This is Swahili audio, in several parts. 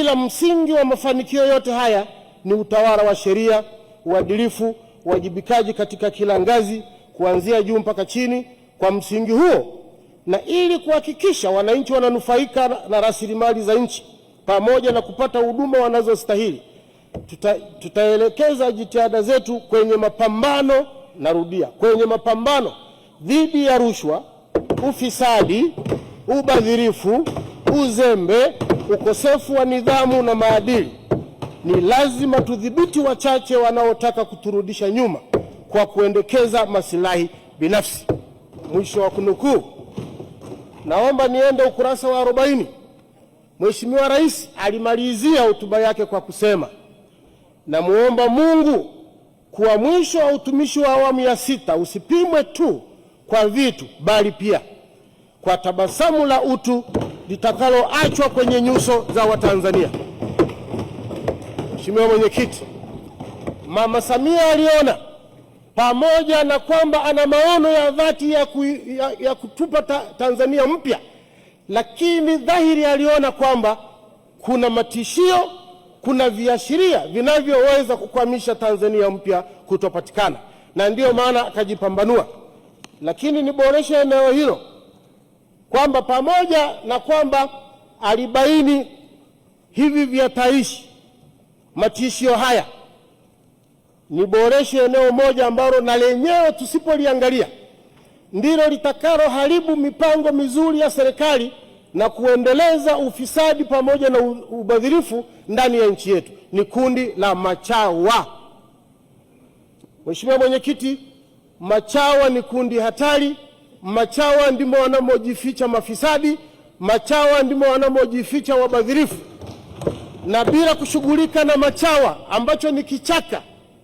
ila msingi wa mafanikio yote haya ni utawala wa sheria, uadilifu, uwajibikaji katika kila ngazi, kuanzia juu mpaka chini. Kwa msingi huo na ili kuhakikisha wananchi wananufaika na rasilimali za nchi pamoja na kupata huduma wanazostahili, tuta, tutaelekeza jitihada zetu kwenye mapambano, narudia, kwenye mapambano dhidi ya rushwa, ufisadi, ubadhirifu, uzembe ukosefu wa nidhamu na maadili, ni lazima tudhibiti wachache wanaotaka kuturudisha nyuma kwa kuendekeza masilahi binafsi. Mwisho wa kunukuu. Naomba niende ukurasa wa 40. Mheshimiwa Rais alimalizia hotuba yake kwa kusema, namwomba Mungu kuwa mwisho wa utumishi wa awamu ya sita usipimwe tu kwa vitu bali pia kwa tabasamu la utu litakaloachwa kwenye nyuso za Watanzania. Mheshimiwa Mwenyekiti, Mama Samia aliona pamoja na kwamba ana maono ya dhati ya, ku, ya, ya kutupa ta, Tanzania mpya, lakini dhahiri aliona kwamba kuna matishio, kuna viashiria vinavyoweza kukwamisha Tanzania mpya kutopatikana, na ndiyo maana akajipambanua. Lakini niboreshe eneo hilo kwamba pamoja na kwamba alibaini hivi vihatarishi, matishio haya, niboreshe eneo moja ambalo na lenyewe tusipoliangalia ndilo litakaloharibu mipango mizuri ya serikali na kuendeleza ufisadi pamoja na ubadhirifu ndani ya nchi yetu, ni kundi la machawa. Mheshimiwa Mwenyekiti, machawa ni kundi hatari Machawa ndimo wanamojificha mafisadi, machawa ndimo wanamojificha wabadhirifu, na bila kushughulika na machawa ambacho ni kichaka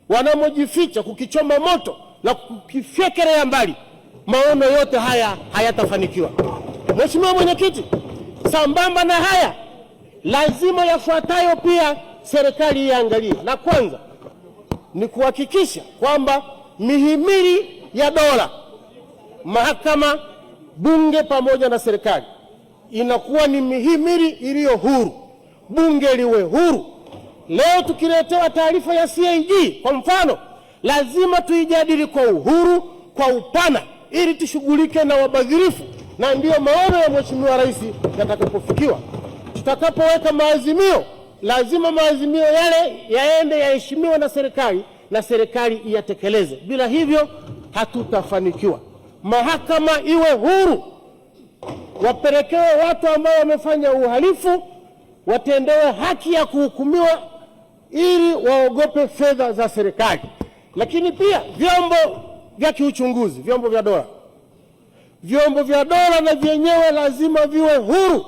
wanamojificha, kukichoma moto na kukifyekerea mbali, maono yote haya hayatafanikiwa. Mheshimiwa Mwenyekiti, sambamba na haya, lazima yafuatayo pia serikali iangalie. La kwanza ni kuhakikisha kwamba mihimili ya dola mahakama, bunge pamoja na serikali inakuwa ni mihimili iliyo huru, bunge liwe huru. Leo tukiletewa taarifa ya CAG kwa mfano, lazima tuijadili kwa uhuru, kwa upana, ili tushughulike na wabadhirifu, na ndiyo maono ya Mheshimiwa Rais yatakapofikiwa. Tutakapoweka maazimio, lazima maazimio yale yaende yaheshimiwe na serikali na serikali iyatekeleze. Bila hivyo hatutafanikiwa mahakama iwe huru, wapelekewe watu ambao wamefanya uhalifu, watendewe haki ya kuhukumiwa ili waogope fedha za serikali. Lakini pia vyombo vya kiuchunguzi, vyombo vya dola, vyombo vya dola na vyenyewe lazima viwe huru,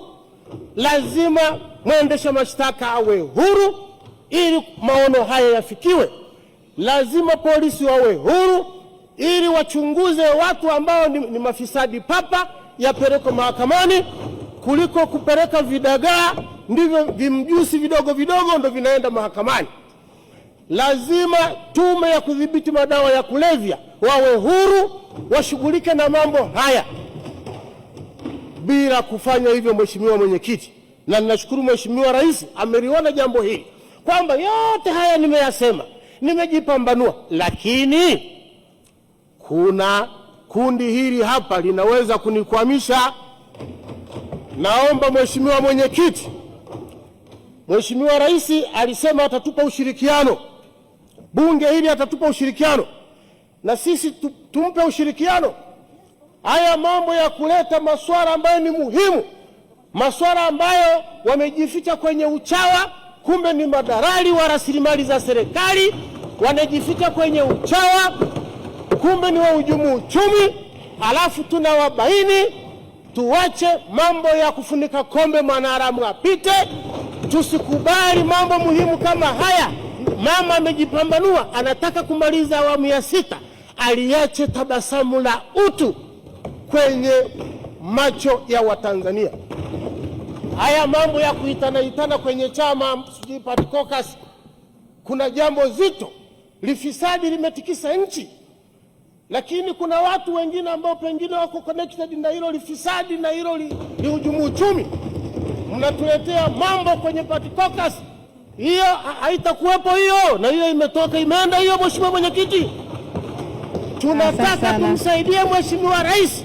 lazima mwendesha mashtaka awe huru ili maono haya yafikiwe, lazima polisi wawe huru ili wachunguze watu ambao ni, ni mafisadi papa, yapelekwe mahakamani kuliko kupeleka vidagaa. Ndivyo vimjusi vidogo vidogo ndo vinaenda mahakamani. Lazima tume ya kudhibiti madawa ya kulevya wawe huru, washughulike na mambo haya bila kufanya hivyo, Mheshimiwa Mwenyekiti, na ninashukuru Mheshimiwa Rais ameliona jambo hili kwamba yote haya nimeyasema, nimejipambanua, lakini kuna kundi hili hapa linaweza kunikwamisha. Naomba Mheshimiwa Mwenyekiti, Mheshimiwa Rais alisema atatupa ushirikiano, bunge hili atatupa ushirikiano, na sisi tumpe ushirikiano. Haya mambo ya kuleta masuala ambayo ni muhimu, masuala ambayo wamejificha kwenye uchawa, kumbe ni madalali wa rasilimali za serikali, wanajificha kwenye uchawa kumbe ni wahujumu uchumi, alafu tunawabaini. Tuwache mambo ya kufunika kombe mwanaharamu apite, tusikubali mambo muhimu kama haya. Mama amejipambanua, anataka kumaliza awamu ya sita, aliache tabasamu la utu kwenye macho ya Watanzania. Haya mambo ya kuitanaitana kwenye chama sijui party caucus, kuna jambo zito, lifisadi limetikisa nchi. Lakini kuna watu wengine ambao pengine wako connected na hilo lifisadi na hilo lihujumu uchumi, mnatuletea mambo kwenye party caucus. Hiyo haitakuwepo hiyo, na hiyo imetoka imeenda hiyo. Mheshimiwa Mwenyekiti, tunataka tumsaidie Mheshimiwa Rais.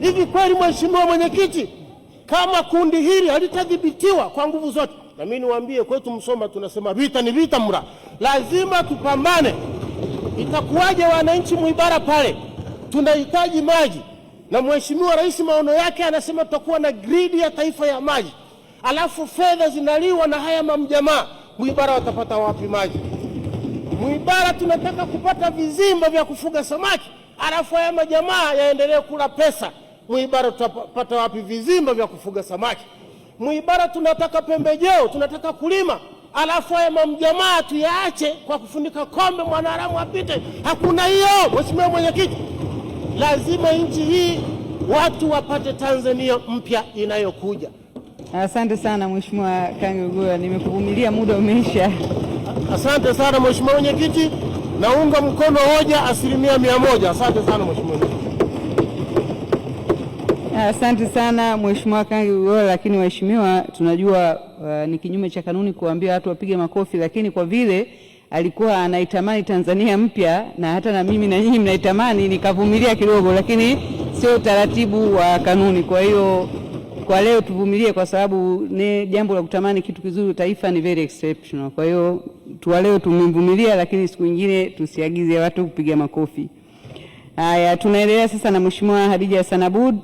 Hivi kweli Mheshimiwa Mwenyekiti, kama kundi hili halitadhibitiwa kwa nguvu zote, na mimi niwaambie, kwetu Msoma tunasema vita ni vita mra, lazima tupambane. Itakuwaje wananchi Mwibara pale tunahitaji maji, na mheshimiwa rais maono yake anasema tutakuwa na gridi ya taifa ya maji, alafu fedha zinaliwa na haya mamjamaa. Mwibara watapata wapi maji? Mwibara tunataka kupata vizimba vya kufuga samaki, alafu haya majamaa yaendelee kula pesa. Mwibara tutapata wapi vizimba vya kufuga samaki? Mwibara tunataka pembejeo, tunataka kulima alafu ayo mamjamaa tuyaache kwa kufunika kombe, mwanaharamu apite. Hakuna hiyo, mheshimiwa mwenyekiti. Lazima nchi hii watu wapate Tanzania mpya inayokuja. Asante sana mheshimiwa Kangugua, nimekuvumilia muda umeisha. Asante sana mheshimiwa mwenyekiti, naunga mkono hoja asilimia mia moja. Asante sana mheshimiwa mwenyekiti. Asante sana mheshimiwa Kangugua, lakini waheshimiwa, tunajua uh, ni kinyume cha kanuni kuambia watu wapige makofi, lakini kwa vile alikuwa anaitamani Tanzania mpya na hata na mimi na nyinyi mnaitamani, nikavumilia kidogo, lakini sio utaratibu wa kanuni. Kwa hiyo kwa leo tuvumilie, kwa sababu ni jambo la kutamani kitu kizuri taifa ni very exceptional. Kwa hiyo tuwa leo tumemvumilia, lakini siku nyingine tusiagize watu kupiga makofi. Haya, tunaendelea sasa na Mheshimiwa Hadija Sanabud.